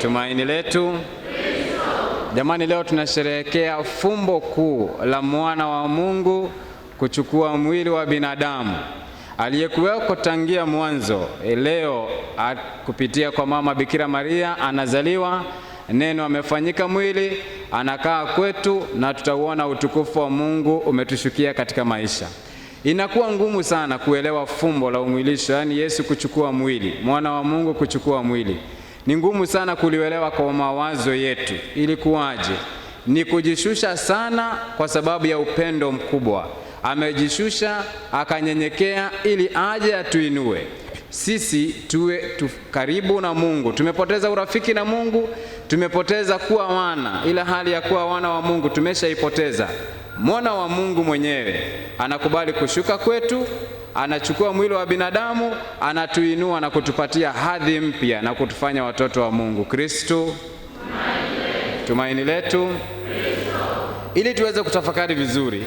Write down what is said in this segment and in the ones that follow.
tumaini letu jamani. Leo tunasherehekea fumbo kuu la mwana wa Mungu kuchukua mwili wa binadamu aliyekuweko tangia mwanzo. Eh, leo kupitia kwa mama Bikira Maria anazaliwa Neno amefanyika mwili, anakaa kwetu, na tutauona utukufu wa Mungu umetushukia katika maisha. Inakuwa ngumu sana kuelewa fumbo la umwilisho, yaani Yesu kuchukua mwili, mwana wa Mungu kuchukua mwili ni ngumu sana kulielewa kwa mawazo yetu. Ilikuwaje? Ni kujishusha sana kwa sababu ya upendo mkubwa. Amejishusha akanyenyekea ili aje atuinue sisi tuwe tu karibu na Mungu. Tumepoteza urafiki na Mungu, tumepoteza kuwa wana, ila hali ya kuwa wana wa Mungu tumeshaipoteza. Mwana wa Mungu mwenyewe anakubali kushuka kwetu, anachukua mwili wa binadamu, anatuinua na kutupatia hadhi mpya na kutufanya watoto wa Mungu. Kristo tumaini letu. Ili tuweze kutafakari vizuri,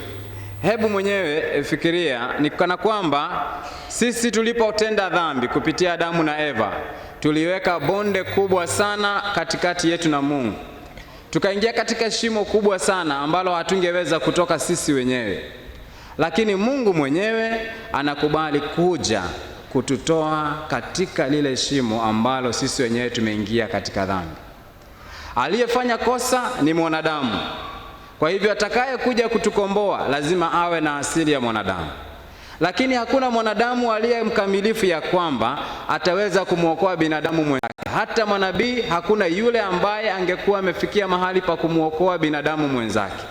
hebu mwenyewe fikiria, ni kana kwamba sisi tulipotenda dhambi kupitia Adamu na Eva tuliweka bonde kubwa sana katikati yetu na Mungu tukaingia katika shimo kubwa sana ambalo hatungeweza kutoka sisi wenyewe, lakini Mungu mwenyewe anakubali kuja kututoa katika lile shimo ambalo sisi wenyewe tumeingia katika dhambi. Aliyefanya kosa ni mwanadamu, kwa hivyo atakaye kuja kutukomboa lazima awe na asili ya mwanadamu. Lakini hakuna mwanadamu aliye mkamilifu ya kwamba ataweza kumwokoa binadamu mwenzake. Hata mwanabii hakuna yule ambaye angekuwa amefikia mahali pa kumwokoa binadamu mwenzake.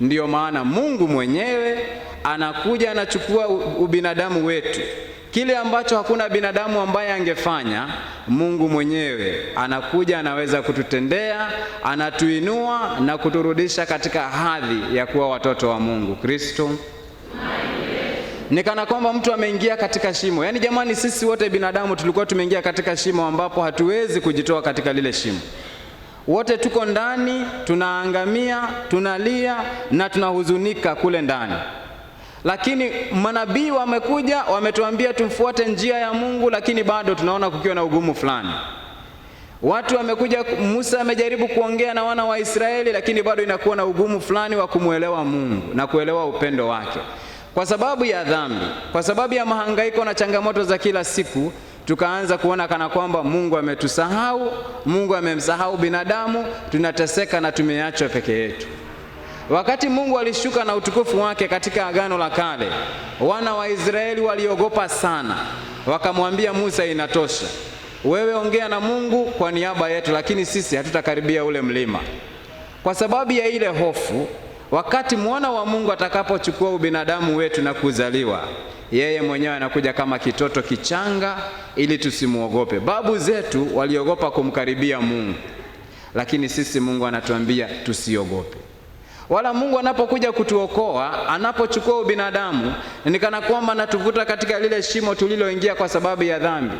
Ndiyo maana Mungu mwenyewe anakuja anachukua ubinadamu wetu. Kile ambacho hakuna binadamu ambaye angefanya, Mungu mwenyewe anakuja anaweza kututendea, anatuinua na kuturudisha katika hadhi ya kuwa watoto wa Mungu. Kristo ni kana kwamba mtu ameingia katika shimo. Yaani jamani, sisi wote binadamu tulikuwa tumeingia katika shimo ambapo hatuwezi kujitoa katika lile shimo. Wote tuko ndani, tunaangamia, tunalia na tunahuzunika kule ndani. Lakini manabii wamekuja, wametuambia tumfuate njia ya Mungu, lakini bado tunaona kukiwa na ugumu fulani. Watu wamekuja, Musa amejaribu kuongea na wana wa Israeli, lakini bado inakuwa na ugumu fulani wa kumwelewa Mungu na kuelewa upendo wake kwa sababu ya dhambi, kwa sababu ya mahangaiko na changamoto za kila siku, tukaanza kuona kana kwamba Mungu ametusahau, Mungu amemsahau binadamu, tunateseka na tumeachwa peke yetu. Wakati Mungu alishuka na utukufu wake katika Agano la Kale, wana wa Israeli waliogopa sana, wakamwambia Musa, inatosha, wewe ongea na Mungu kwa niaba yetu, lakini sisi hatutakaribia ule mlima. Kwa sababu ya ile hofu Wakati mwana wa Mungu atakapochukua ubinadamu wetu na kuzaliwa, yeye mwenyewe anakuja kama kitoto kichanga ili tusimwogope. Babu zetu waliogopa kumkaribia Mungu, lakini sisi Mungu anatuambia tusiogope. Wala Mungu anapokuja kutuokoa, anapochukua ubinadamu, ni kana kwamba anatuvuta katika lile shimo tuliloingia kwa sababu ya dhambi.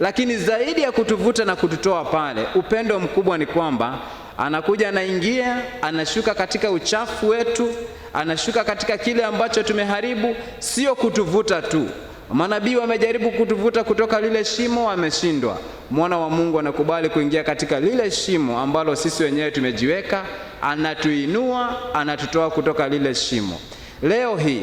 Lakini zaidi ya kutuvuta na kututoa pale, upendo mkubwa ni kwamba anakuja, anaingia, anashuka katika uchafu wetu, anashuka katika kile ambacho tumeharibu, sio kutuvuta tu. Manabii wamejaribu kutuvuta kutoka lile shimo, wameshindwa. Mwana wa Mungu anakubali kuingia katika lile shimo ambalo sisi wenyewe tumejiweka, anatuinua, anatutoa kutoka lile shimo. Leo hii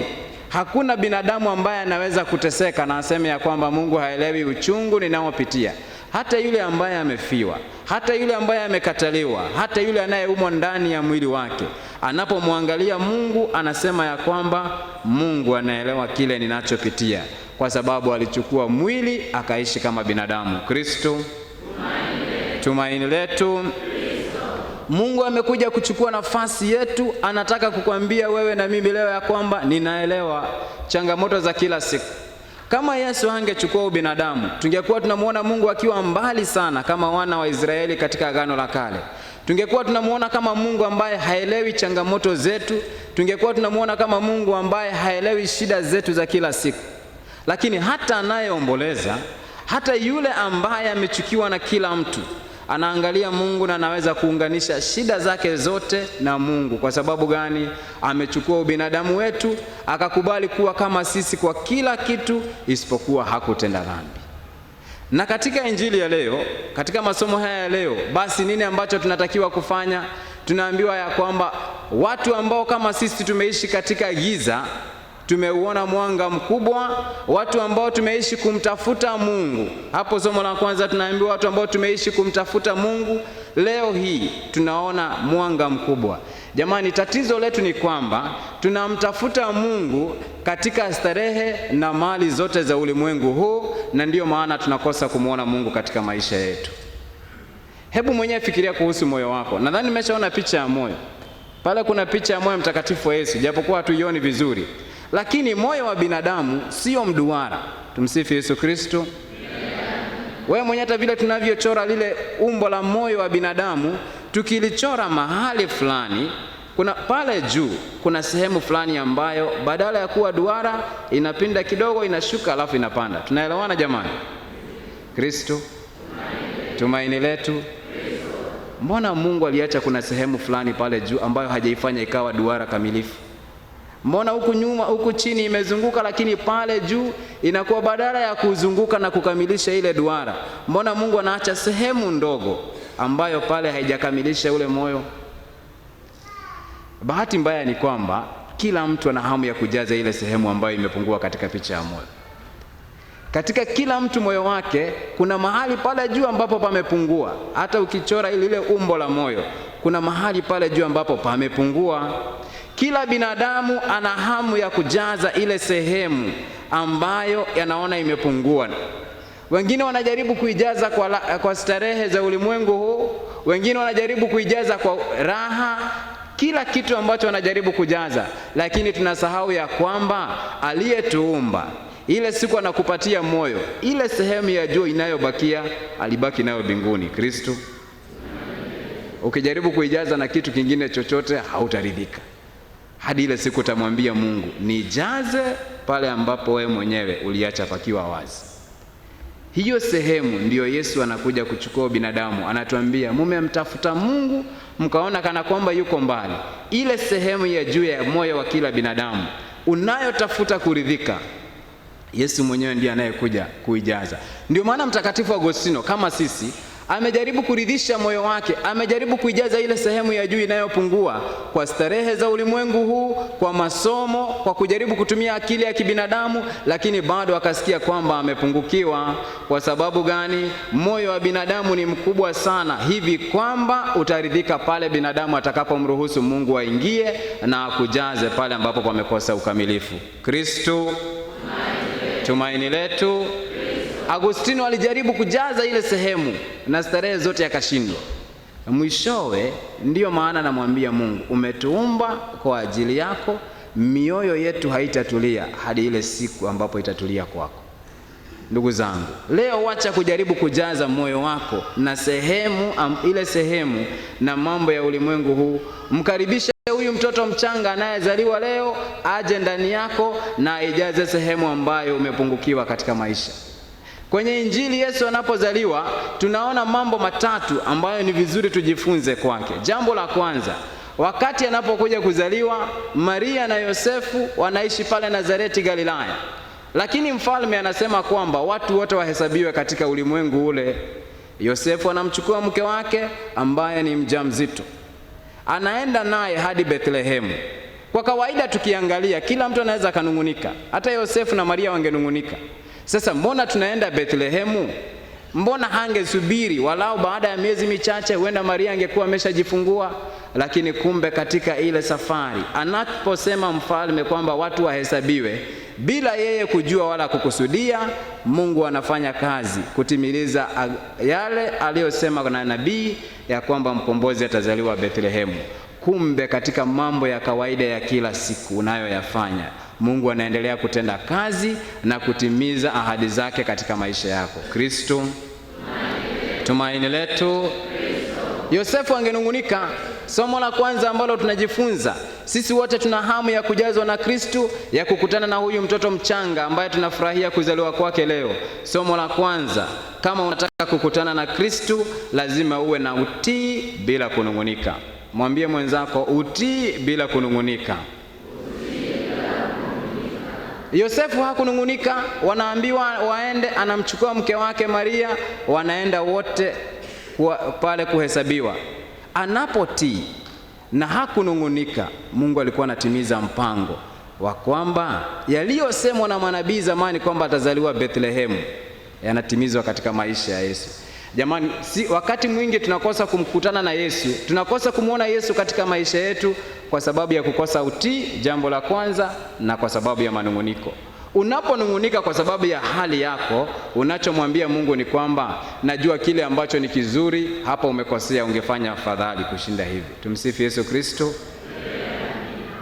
hakuna binadamu ambaye anaweza kuteseka na aseme ya kwamba Mungu haelewi uchungu ninaopitia hata yule ambaye amefiwa, hata yule ambaye amekataliwa, hata yule anayeumwa ndani ya mwili wake, anapomwangalia Mungu anasema ya kwamba Mungu anaelewa kile ninachopitia, kwa sababu alichukua mwili akaishi kama binadamu. Kristo tumaini letu. Mungu amekuja kuchukua nafasi yetu. Anataka kukwambia wewe na mimi leo ya kwamba ninaelewa changamoto za kila siku kama Yesu angechukua ubinadamu, tungekuwa tunamwona Mungu akiwa mbali sana kama wana wa Israeli katika Agano la Kale. Tungekuwa tunamwona kama Mungu ambaye haelewi changamoto zetu, tungekuwa tunamwona kama Mungu ambaye haelewi shida zetu za kila siku. Lakini hata anayeomboleza, hata yule ambaye amechukiwa na kila mtu anaangalia Mungu na anaweza kuunganisha shida zake zote na Mungu. Kwa sababu gani? Amechukua ubinadamu wetu akakubali kuwa kama sisi kwa kila kitu, isipokuwa hakutenda dhambi. Na katika injili ya leo, katika masomo haya ya leo, basi nini ambacho tunatakiwa kufanya? Tunaambiwa ya kwamba watu ambao kama sisi tumeishi katika giza tumeuona mwanga mkubwa, watu ambao tumeishi kumtafuta Mungu. Hapo somo la kwanza tunaambiwa watu ambao tumeishi kumtafuta Mungu, leo hii tunaona mwanga mkubwa. Jamani, tatizo letu ni kwamba tunamtafuta Mungu katika starehe na mali zote za ulimwengu huu, na ndiyo maana tunakosa kumwona Mungu katika maisha yetu. Hebu mwenyewe fikiria kuhusu moyo wako. Nadhani nimeshaona picha ya moyo pale, kuna picha ya moyo mtakatifu wa Yesu, japokuwa hatuioni vizuri. Lakini moyo wa binadamu sio mduara. Tumsifu Yesu Kristo. Wewe mwenye hata vile tunavyochora lile umbo la moyo wa binadamu, tukilichora mahali fulani, kuna pale juu, kuna sehemu fulani ambayo badala ya kuwa duara inapinda kidogo, inashuka, alafu inapanda. Tunaelewana jamani? Kristo tumaini letu. Mbona Mungu aliacha kuna sehemu fulani pale juu ambayo hajaifanya ikawa duara kamilifu? Mbona huku nyuma, huku chini imezunguka, lakini pale juu inakuwa badala ya kuzunguka na kukamilisha ile duara, mbona Mungu anaacha sehemu ndogo ambayo pale haijakamilisha ule moyo? Bahati mbaya ni kwamba kila mtu ana hamu ya kujaza ile sehemu ambayo imepungua katika picha ya moyo. Katika kila mtu moyo wake kuna mahali pale juu ambapo pamepungua. Hata ukichora ile umbo la moyo, kuna mahali pale juu ambapo pamepungua. Kila binadamu ana hamu ya kujaza ile sehemu ambayo yanaona imepungua. Wengine wanajaribu kuijaza kwa, la, kwa starehe za ulimwengu huu, wengine wanajaribu kuijaza kwa raha, kila kitu ambacho wanajaribu kujaza, lakini tunasahau ya kwamba aliyetuumba ile siku anakupatia moyo, ile sehemu ya juu inayobakia alibaki nayo mbinguni, Kristo. Ukijaribu kuijaza na kitu kingine chochote hautaridhika hadi ile siku utamwambia Mungu nijaze pale ambapo wewe mwenyewe uliacha pakiwa wazi. Hiyo sehemu ndiyo Yesu anakuja kuchukua binadamu, anatuambia mumemtafuta Mungu mkaona kana kwamba yuko mbali. Ile sehemu ya juu ya moyo wa kila binadamu unayotafuta kuridhika, Yesu mwenyewe ndiye anayekuja kuijaza. Ndio maana Mtakatifu Agostino kama sisi amejaribu kuridhisha moyo wake, amejaribu kuijaza ile sehemu ya juu inayopungua kwa starehe za ulimwengu huu, kwa masomo, kwa kujaribu kutumia akili ya kibinadamu, lakini bado akasikia kwamba amepungukiwa. Kwa sababu gani? Moyo wa binadamu ni mkubwa sana hivi kwamba utaridhika pale binadamu atakapomruhusu Mungu aingie na akujaze pale ambapo pamekosa ukamilifu. Kristo tumaini letu. Agustino alijaribu kujaza ile sehemu na starehe zote yakashindwa. Mwishowe ndiyo maana namwambia Mungu, umetuumba kwa ajili yako, mioyo yetu haitatulia hadi ile siku ambapo itatulia kwako. Ndugu zangu, leo wacha kujaribu kujaza moyo wako na sehemu am, ile sehemu na mambo ya ulimwengu huu. Mkaribishe huyu mtoto mchanga anayezaliwa leo aje ndani yako na aijaze sehemu ambayo umepungukiwa katika maisha. Kwenye Injili Yesu anapozaliwa tunaona mambo matatu ambayo ni vizuri tujifunze kwake. Jambo la kwanza, wakati anapokuja kuzaliwa, Maria na Yosefu wanaishi pale Nazareti Galilaya, lakini mfalme anasema kwamba watu wote wahesabiwe katika ulimwengu ule. Yosefu anamchukua mke wake ambaye ni mjamzito, anaenda naye hadi Bethlehemu. Kwa kawaida tukiangalia, kila mtu anaweza akanung'unika, hata Yosefu na Maria wangenung'unika sasa mbona tunaenda Bethlehemu? Mbona hangesubiri walau baada ya miezi michache, huenda Maria angekuwa ameshajifungua? Lakini kumbe katika ile safari anaposema mfalme kwamba watu wahesabiwe bila yeye kujua wala kukusudia, Mungu anafanya kazi kutimiliza yale aliyosema na nabii ya kwamba mkombozi atazaliwa Bethlehemu kumbe katika mambo ya kawaida ya kila siku unayoyafanya, Mungu anaendelea kutenda kazi na kutimiza ahadi zake katika maisha yako. Kristo tumaini letu. Yosefu angenung'unika. Somo la kwanza ambalo tunajifunza sisi wote tuna hamu ya kujazwa na Kristu, ya kukutana na huyu mtoto mchanga ambaye tunafurahia kuzaliwa kwake leo. Somo la kwanza, kama unataka kukutana na Kristu lazima uwe na utii bila kunung'unika. Mwambie mwenzako utii bila kunung'unika. Yosefu hakunung'unika, wanaambiwa waende, anamchukua mke wake Maria, wanaenda wote kwa pale kuhesabiwa. Anapotii na hakunung'unika, Mungu alikuwa anatimiza mpango wa kwamba yaliyosemwa na manabii zamani kwamba atazaliwa Bethlehemu yanatimizwa katika maisha ya Yesu. Jamani, si, wakati mwingi tunakosa kumkutana na Yesu, tunakosa kumwona Yesu katika maisha yetu kwa sababu ya kukosa utii, jambo la kwanza, na kwa sababu ya manung'uniko. Unaponung'unika kwa sababu ya hali yako, unachomwambia Mungu ni kwamba najua kile ambacho ni kizuri, hapa umekosea, ungefanya afadhali kushinda hivi. Tumsifu Yesu Kristo.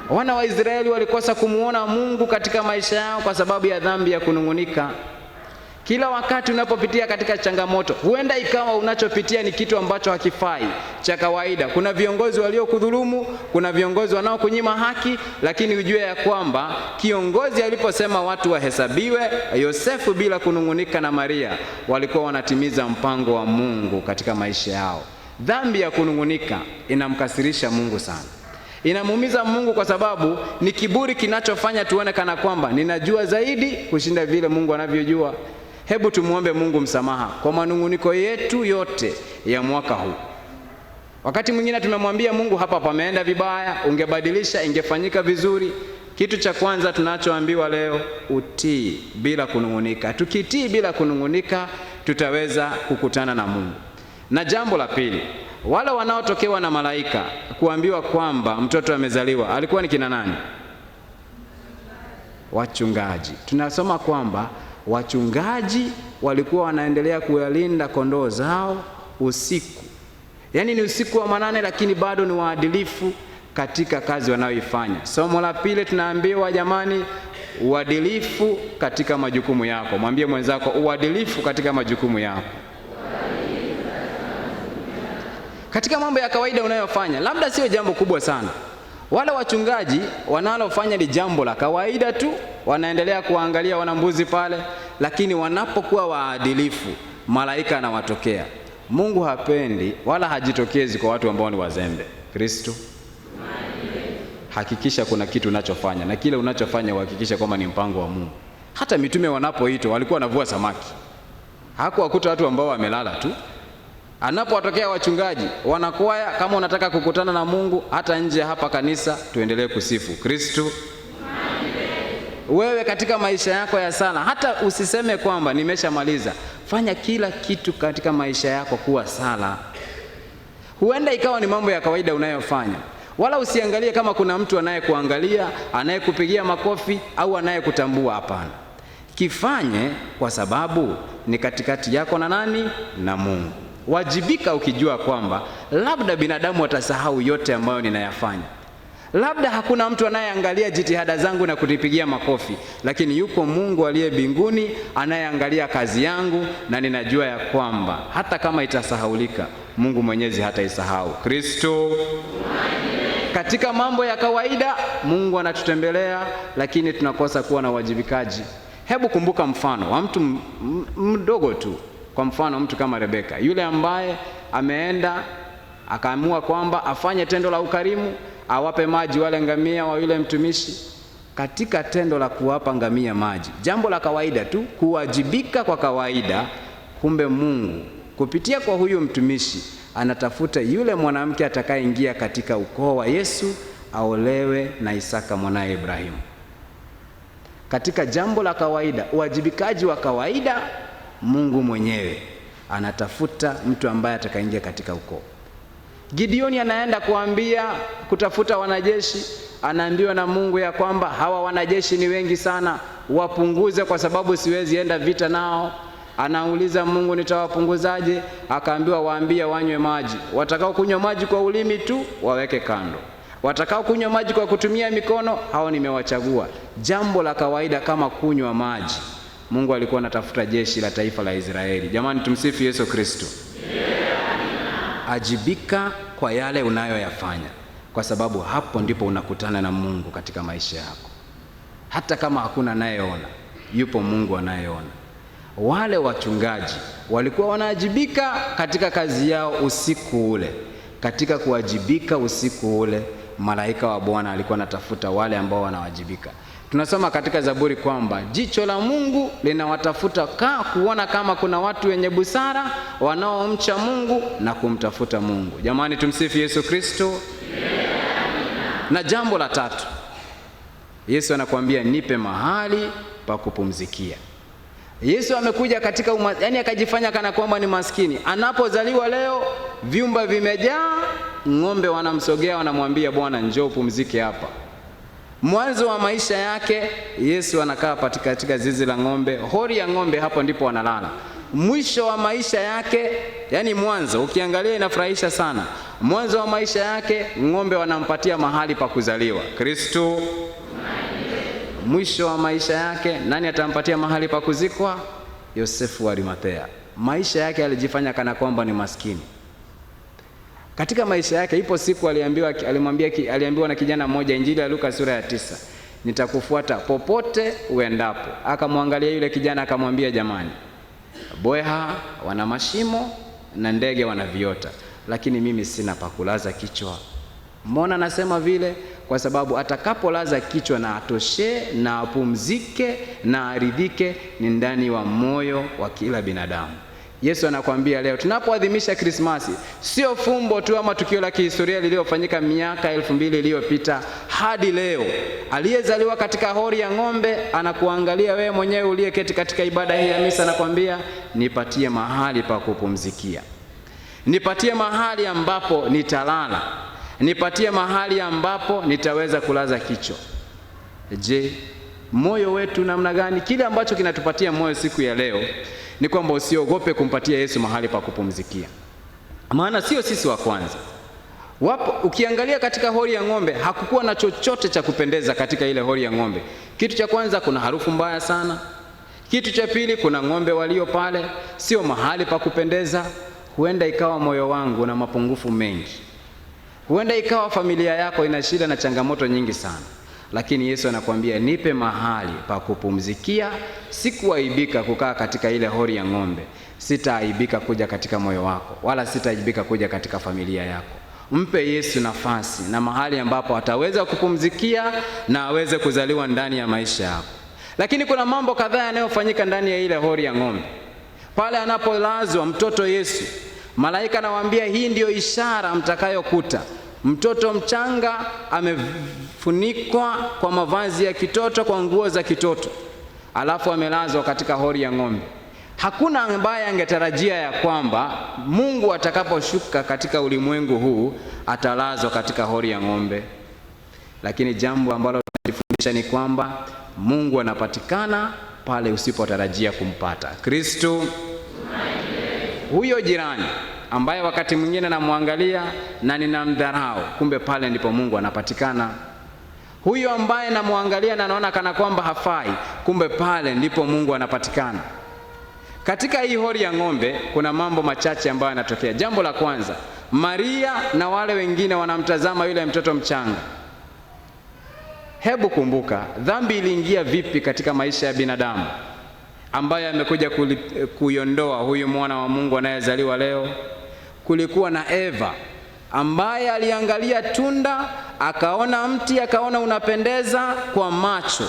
Wana wa Israeli walikosa kumwona Mungu katika maisha yao kwa sababu ya dhambi ya kunung'unika. Kila wakati unapopitia katika changamoto, huenda ikawa unachopitia ni kitu ambacho hakifai cha kawaida. Kuna viongozi waliokudhulumu, kuna viongozi wanaokunyima haki, lakini ujue ya kwamba kiongozi aliposema watu wahesabiwe, Yosefu bila kunung'unika na Maria walikuwa wanatimiza mpango wa Mungu katika maisha yao. Dhambi ya kunung'unika inamkasirisha Mungu sana, inamuumiza Mungu kwa sababu ni kiburi kinachofanya tuone kana kwamba ninajua zaidi kushinda vile Mungu anavyojua. Hebu tumwombe Mungu msamaha kwa manung'uniko yetu yote ya mwaka huu. Wakati mwingine tumemwambia Mungu, hapa pameenda vibaya, ungebadilisha, ingefanyika vizuri. Kitu cha kwanza tunachoambiwa leo, utii bila kunung'unika. Tukitii bila kunung'unika, tutaweza kukutana na Mungu. Na jambo la pili, wale wanaotokewa na malaika kuambiwa kwamba mtoto amezaliwa, alikuwa ni kina nani? Wachungaji. Tunasoma kwamba wachungaji walikuwa wanaendelea kuyalinda kondoo zao usiku, yaani ni usiku wa manane, lakini bado ni waadilifu katika kazi wanayoifanya. Somo la pili tunaambiwa jamani, uadilifu katika majukumu yako. Mwambie mwenzako, uadilifu katika majukumu yako, katika mambo ya kawaida unayofanya, labda sio jambo kubwa sana wale wachungaji wanalofanya ni jambo la kawaida tu, wanaendelea kuwaangalia wanambuzi pale, lakini wanapokuwa waadilifu, malaika anawatokea. Mungu hapendi wala hajitokezi kwa watu ambao ni wazembe. Kristo, hakikisha kuna kitu unachofanya na kile unachofanya uhakikisha kwamba ni mpango wa Mungu. Hata mitume wanapoitwa walikuwa wanavua samaki, hakuwakuta watu ambao wamelala tu anapowatokea wachungaji wanakwaya, kama unataka kukutana na Mungu hata nje hapa kanisa, tuendelee kusifu Kristu. Wewe katika maisha yako ya sala, hata usiseme kwamba nimeshamaliza. Fanya kila kitu katika maisha yako kuwa sala. Huenda ikawa ni mambo ya kawaida unayofanya, wala usiangalie kama kuna mtu anayekuangalia, anayekupigia makofi au anayekutambua. Hapana, kifanye kwa sababu ni katikati yako na nani? Na Mungu. Wajibika ukijua kwamba labda binadamu watasahau yote ambayo ninayafanya, labda hakuna mtu anayeangalia jitihada zangu na kunipigia makofi, lakini yuko Mungu aliye mbinguni anayeangalia kazi yangu, na ninajua ya kwamba hata kama itasahaulika, Mungu mwenyezi hataisahau. Kristo katika mambo ya kawaida Mungu anatutembelea, lakini tunakosa kuwa na uwajibikaji. Hebu kumbuka mfano wa mtu mdogo tu kwa mfano mtu kama Rebeka, yule ambaye ameenda akaamua kwamba afanye tendo la ukarimu, awape maji wale ngamia wa yule mtumishi. Katika tendo la kuwapa ngamia maji, jambo la kawaida tu, kuwajibika kwa kawaida, kumbe Mungu kupitia kwa huyu mtumishi anatafuta yule mwanamke atakayeingia katika ukoo wa Yesu aolewe na Isaka mwanaye Ibrahimu. Katika jambo la kawaida, uwajibikaji wa kawaida Mungu mwenyewe anatafuta mtu ambaye atakayeingia katika ukoo. Gideoni anaenda kuambia kutafuta wanajeshi, anaambiwa na Mungu ya kwamba hawa wanajeshi ni wengi sana, wapunguze kwa sababu siwezi enda vita nao. Anauliza Mungu, nitawapunguzaje? Akaambiwa waambie wanywe maji, watakao kunywa maji kwa ulimi tu waweke kando, watakao kunywa maji kwa kutumia mikono hao nimewachagua. Jambo la kawaida kama kunywa maji Mungu alikuwa anatafuta jeshi la taifa la Israeli. Jamani, tumsifu Yesu Kristo. Ajibika kwa yale unayoyafanya, kwa sababu hapo ndipo unakutana na Mungu katika maisha yako. Hata kama hakuna anayeona, yupo Mungu anayeona. Wale wachungaji walikuwa wanaajibika katika kazi yao usiku ule. Katika kuwajibika usiku ule, malaika wa Bwana alikuwa anatafuta wale ambao wanawajibika tunasoma katika Zaburi kwamba jicho la Mungu linawatafuta ka kuona kama kuna watu wenye busara wanaomcha Mungu na kumtafuta Mungu. Jamani, tumsifu Yesu Kristo. Na jambo la tatu, Yesu anakuambia nipe mahali pa kupumzikia. Yesu amekuja katika uma, yani akajifanya kana kwamba ni maskini. Anapozaliwa leo, vyumba vimejaa, ng'ombe wanamsogea, wanamwambia Bwana, njoo pumzike hapa. Mwanzo wa maisha yake Yesu anakaa katika zizi la ng'ombe, hori ya ng'ombe, hapo ndipo wanalala. Mwisho wa maisha yake, yani mwanzo, ukiangalia inafurahisha sana. Mwanzo wa maisha yake ng'ombe wanampatia mahali pa kuzaliwa. Kristo mwisho wa maisha yake nani atampatia mahali pa kuzikwa? Yosefu wa Arimathea. Maisha yake alijifanya kana kwamba ni maskini. Katika maisha yake ipo siku aliambiwa, alimwambia, aliambiwa na kijana mmoja, Injili ya Luka sura ya tisa, nitakufuata popote uendapo. Akamwangalia yule kijana akamwambia, jamani, bweha wana mashimo na ndege wana viota, lakini mimi sina pakulaza kichwa. Mbona nasema vile? Kwa sababu atakapolaza kichwa na atoshee na apumzike na aridhike ni ndani wa moyo wa kila binadamu. Yesu anakuambia leo tunapoadhimisha Krismasi, sio fumbo tu ama tukio la kihistoria lililofanyika miaka elfu mbili iliyopita hadi leo. Aliyezaliwa katika hori ya ng'ombe anakuangalia wewe mwenyewe uliyeketi katika ibada hii ya misa, anakuambia nipatie mahali pa kupumzikia, nipatie mahali ambapo nitalala, nipatie mahali ambapo nitaweza kulaza kichwa. Je, moyo wetu namna gani? Kile ambacho kinatupatia moyo siku ya leo ni kwamba usiogope kumpatia Yesu mahali pa kupumzikia, maana sio sisi wa kwanza. Wapo, ukiangalia katika hori ya ng'ombe hakukuwa na chochote cha kupendeza katika ile hori ya ng'ombe. Kitu cha kwanza, kuna harufu mbaya sana. Kitu cha pili, kuna ng'ombe walio pale, sio mahali pa kupendeza. Huenda ikawa moyo wangu na mapungufu mengi, huenda ikawa familia yako ina shida na changamoto nyingi sana lakini Yesu anakuambia nipe mahali pa kupumzikia. Sikuaibika kukaa katika ile hori ya ng'ombe, sitaaibika kuja katika moyo wako, wala sitaaibika kuja katika familia yako. Mpe Yesu nafasi na mahali ambapo ataweza kupumzikia na aweze kuzaliwa ndani ya maisha yako. Lakini kuna mambo kadhaa yanayofanyika ndani ya ile hori ya ng'ombe. Pale anapolazwa mtoto Yesu, malaika anawaambia hii ndiyo ishara mtakayokuta Mtoto mchanga amefunikwa kwa mavazi ya kitoto, kwa nguo za kitoto, alafu amelazwa katika hori ya ng'ombe. Hakuna ambaye angetarajia ya kwamba Mungu atakaposhuka katika ulimwengu huu atalazwa katika hori ya ng'ombe, lakini jambo ambalo tunajifundisha ni kwamba Mungu anapatikana pale usipotarajia kumpata. Kristo huyo jirani ambaye wakati mwingine namwangalia na ninamdharau, kumbe pale ndipo Mungu anapatikana. Huyu ambaye namwangalia na naona kana kwamba hafai, kumbe pale ndipo Mungu anapatikana. Katika hii hori ya ng'ombe kuna mambo machache ambayo yanatokea. Jambo la kwanza, Maria na wale wengine wanamtazama yule mtoto mchanga. Hebu kumbuka, dhambi iliingia vipi katika maisha ya binadamu ambayo amekuja kuiondoa huyu mwana wa Mungu anayezaliwa leo? kulikuwa na Eva ambaye aliangalia tunda, akaona mti, akaona unapendeza kwa macho,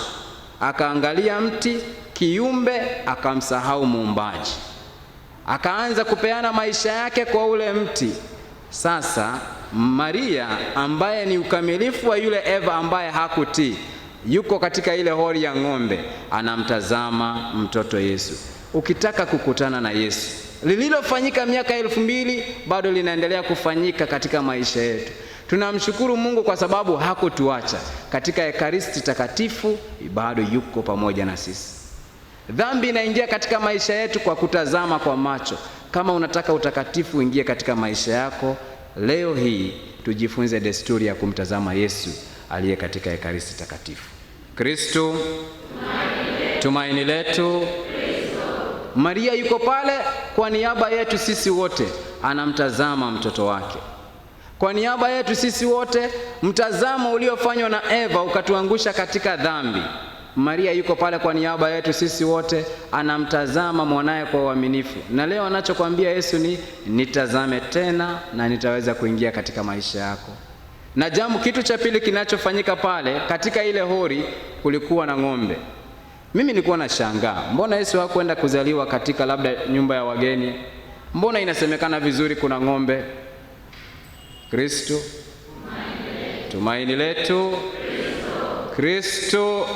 akaangalia mti kiumbe, akamsahau muumbaji, akaanza kupeana maisha yake kwa ule mti. Sasa Maria ambaye ni ukamilifu wa yule Eva ambaye hakutii, yuko katika ile hori ya ng'ombe, anamtazama mtoto Yesu. Ukitaka kukutana na Yesu lililofanyika miaka elfu mbili bado linaendelea kufanyika katika maisha yetu. Tunamshukuru Mungu kwa sababu hakutuacha katika Ekaristi Takatifu, bado yuko pamoja na sisi. Dhambi inaingia katika maisha yetu kwa kutazama kwa macho. Kama unataka utakatifu uingie katika maisha yako, leo hii tujifunze desturi ya kumtazama Yesu aliye katika Ekaristi Takatifu. kristu tumaini letu, Maria yuko pale kwa niaba yetu sisi wote anamtazama mtoto wake. Kwa niaba yetu sisi wote, mtazamo uliofanywa na Eva ukatuangusha katika dhambi. Maria yuko pale kwa niaba yetu sisi wote, anamtazama mwanaye kwa uaminifu. Na leo anachokwambia Yesu ni nitazame tena na nitaweza kuingia katika maisha yako. Na jambo, kitu cha pili kinachofanyika pale katika ile hori, kulikuwa na ng'ombe. Mimi nilikuwa shangaa mbona Yesu hakwenda kuzaliwa katika labda nyumba ya wageni? Mbona inasemekana vizuri kuna ng'ombe? Kristo tumaini letu, Kristo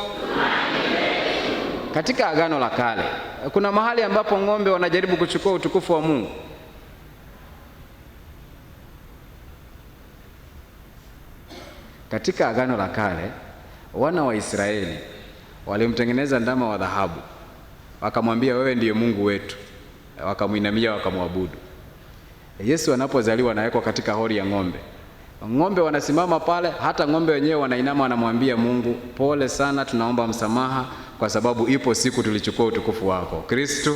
katika Agano la Kale kuna mahali ambapo ng'ombe wanajaribu kuchukua utukufu wa Mungu. Katika Agano la Kale wana wa Israeli Walimtengeneza ndama wa dhahabu, wakamwambia wewe ndiye Mungu wetu, wakamwinamia wakamwabudu. Yesu anapozaliwa anawekwa katika hori ya ng'ombe. Ng'ombe wanasimama pale, hata ng'ombe wenyewe wanainama, wanamwambia Mungu, pole sana, tunaomba msamaha kwa sababu ipo siku tulichukua utukufu wako. Kristo,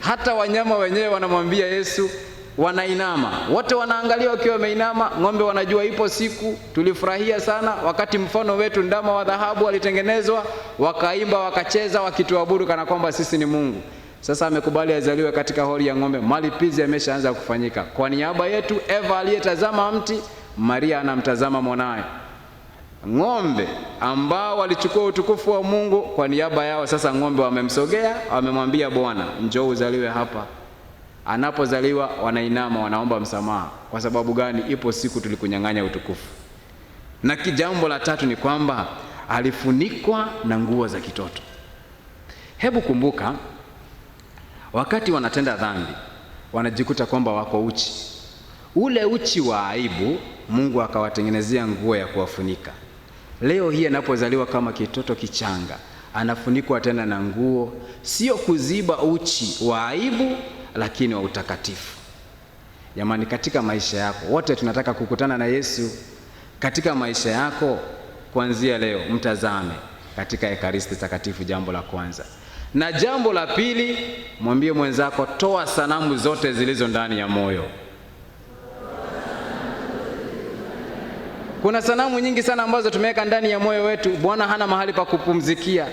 hata wanyama wenyewe wanamwambia Yesu wanainama wote, wanaangalia wakiwa wameinama. Ng'ombe wanajua ipo siku. Tulifurahia sana wakati mfano wetu ndama wa dhahabu alitengenezwa, wakaimba wakacheza, wakituabudu kana kwamba sisi ni Mungu. Sasa amekubali azaliwe katika holi ya ng'ombe. Malipizi yameshaanza kufanyika kwa niaba yetu. Eva aliyetazama mti, Maria anamtazama mwanaye. Ng'ombe ambao walichukua utukufu wa Mungu kwa niaba yao, sasa ng'ombe wamemsogea, wamemwambia Bwana, njoo uzaliwe hapa. Anapozaliwa wanainama, wanaomba msamaha. Kwa sababu gani? Ipo siku tulikunyang'anya utukufu. Na kijambo la tatu ni kwamba alifunikwa na nguo za kitoto. Hebu kumbuka, wakati wanatenda dhambi wanajikuta kwamba wako uchi. Ule uchi wa aibu, Mungu akawatengenezea nguo ya kuwafunika. Leo hii anapozaliwa kama kitoto kichanga, anafunikwa tena na nguo, sio kuziba uchi wa aibu lakini wa utakatifu. Jamani, katika maisha yako wote tunataka kukutana na Yesu. Katika maisha yako kuanzia leo, mtazame katika Ekaristi Takatifu, jambo la kwanza. Na jambo la pili, mwambie mwenzako, toa sanamu zote zilizo ndani ya moyo. Kuna sanamu nyingi sana ambazo tumeweka ndani ya moyo wetu. Bwana hana mahali pa kupumzikia.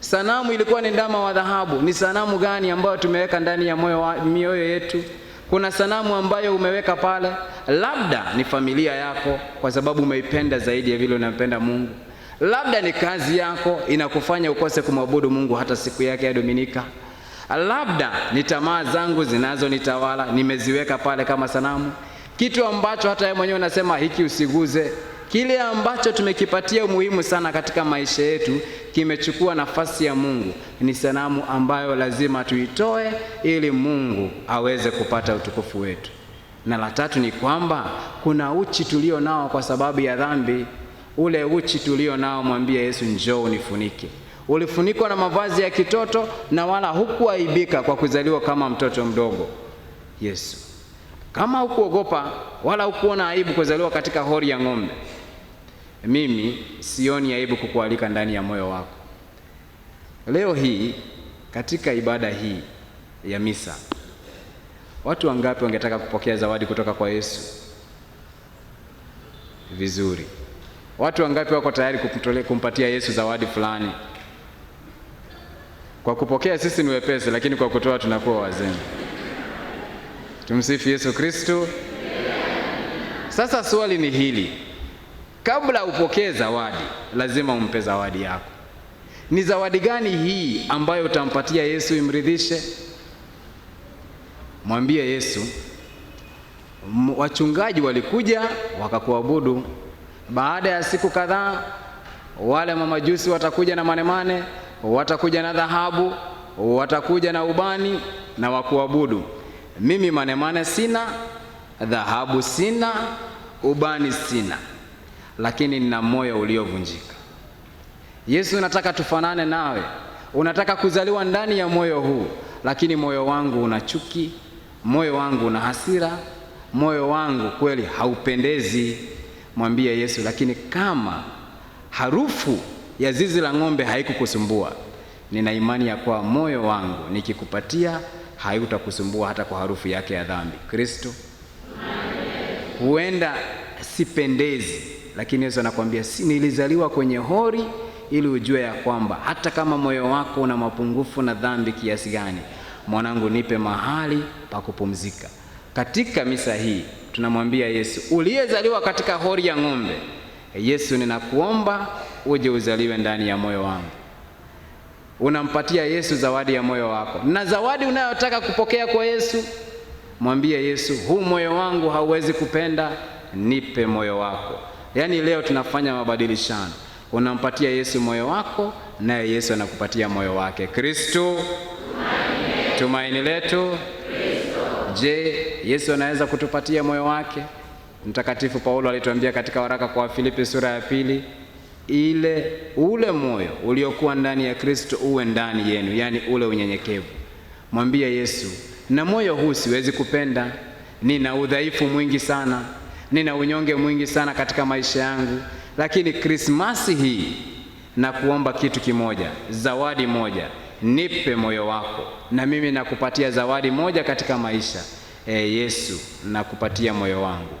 Sanamu ilikuwa ni ndama wa dhahabu. Ni sanamu gani ambayo tumeweka ndani ya mioyo yetu? Kuna sanamu ambayo umeweka pale, labda ni familia yako, kwa sababu umeipenda zaidi ya vile unampenda Mungu. Labda ni kazi yako, inakufanya ukose kumwabudu Mungu hata siku yake ya Dominika. Labda ni tamaa zangu zinazonitawala, nimeziweka pale kama sanamu, kitu ambacho hata yeye mwenyewe unasema hiki usiguze. Kile ambacho tumekipatia umuhimu sana katika maisha yetu kimechukua nafasi ya Mungu. Ni sanamu ambayo lazima tuitoe ili Mungu aweze kupata utukufu wetu. Na la tatu ni kwamba kuna uchi tulio nao kwa sababu ya dhambi. Ule uchi tulio nao, mwambie Yesu, njoo unifunike. Ulifunikwa na mavazi ya kitoto na wala hukuaibika kwa kuzaliwa kama mtoto mdogo. Yesu, kama hukuogopa wala hukuona aibu kuzaliwa katika hori ya ng'ombe mimi sioni aibu kukualika ndani ya moyo wako. Leo hii katika ibada hii ya misa, watu wangapi wangetaka kupokea zawadi kutoka kwa Yesu? Vizuri, watu wangapi wako tayari kumtolea, kumpatia Yesu zawadi fulani? Kwa kupokea sisi ni wepesi, lakini kwa kutoa tunakuwa wazee. Tumsifu Yesu Kristo. Sasa swali ni hili Kabla upokee zawadi, lazima umpe zawadi yako. Ni zawadi gani hii ambayo utampatia Yesu imridhishe? Mwambie Yesu, wachungaji walikuja wakakuabudu, baada ya siku kadhaa wale mamajusi watakuja na manemane, watakuja na dhahabu, watakuja na ubani na wakuabudu. Mimi manemane sina, dhahabu sina, ubani sina lakini nina moyo uliovunjika. Yesu, unataka tufanane nawe, unataka kuzaliwa ndani ya moyo huu, lakini moyo wangu una chuki, moyo wangu una hasira, moyo wangu kweli haupendezi. Mwambie Yesu, lakini kama harufu ya zizi la ng'ombe haikukusumbua, nina imani ya kuwa moyo wangu nikikupatia haikutakusumbua hata kwa harufu yake ya dhambi. Kristo, huenda sipendezi lakini Yesu anakuambia si nilizaliwa kwenye hori ili ujue ya kwamba hata kama moyo wako una mapungufu na dhambi kiasi gani, mwanangu, nipe mahali pa kupumzika. Katika misa hii tunamwambia Yesu, uliyezaliwa katika hori ya ng'ombe, Yesu, ninakuomba uje uzaliwe ndani ya moyo wangu. Unampatia Yesu zawadi ya moyo wako, na zawadi unayotaka kupokea kwa Yesu, mwambie Yesu, huu moyo wangu hauwezi kupenda, nipe moyo wako. Yaani leo tunafanya mabadilishano, unampatia Yesu moyo wako, naye Yesu anakupatia moyo wake. Kristo tumaini letu. Je, Yesu anaweza kutupatia moyo wake? Mtakatifu Paulo alituambia katika waraka kwa Wafilipi sura ya pili, ile ule moyo uliokuwa ndani ya Kristo uwe ndani yenu, yaani ule unyenyekevu. Mwambie Yesu, na moyo huu siwezi kupenda, nina udhaifu mwingi sana nina unyonge mwingi sana katika maisha yangu, lakini Krismasi hii na kuomba kitu kimoja, zawadi moja, nipe moyo wako, na mimi nakupatia zawadi moja katika maisha e, Yesu nakupatia moyo wangu.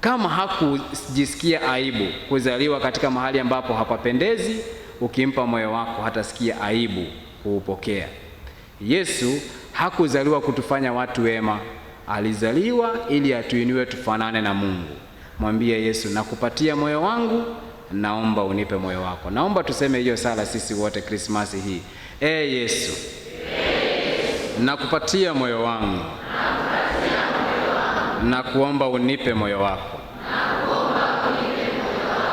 Kama hakujisikia aibu kuzaliwa katika mahali ambapo hapapendezi, ukimpa moyo wako hatasikia aibu kuupokea. Yesu hakuzaliwa kutufanya watu wema alizaliwa ili atuinue tufanane na Mungu. Mwambie Yesu, nakupatia moyo wangu, naomba unipe moyo wako. Naomba tuseme hiyo sala sisi wote Krismasi hii. E Yesu, nakupatia moyo wangu, na kuomba unipe moyo wako.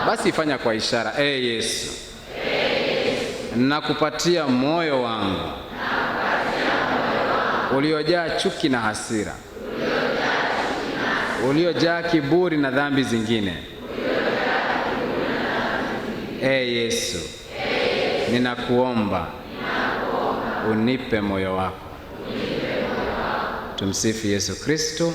Basi fanya kwa ishara. E Yesu, nakupatia moyo wangu uliojaa chuki na hasira uliojaa kiburi na dhambi zingine. E Yesu, ninakuomba unipe moyo wako. Tumsifu Yesu Kristo.